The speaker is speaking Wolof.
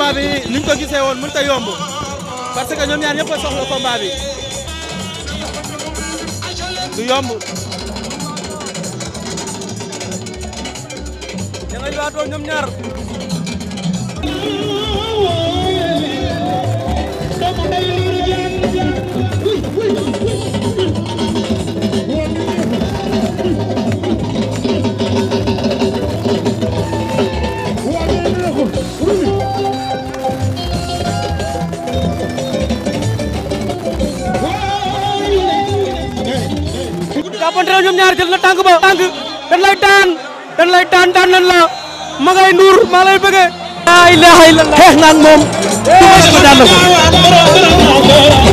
combat bi niñ ko gisee woon mënut a yomb parce que ñoom ñaar ñëpp a soxla combat bi du yomb. da ngay waatoo ñoom ñaar. Woo! jàppante la ñoom ñaar jël na tànk ba tànk dañ lay daan dañ lay la ma ngay nuur maa lay bëggee laa ilaaha illallah xeex moom duma ko daan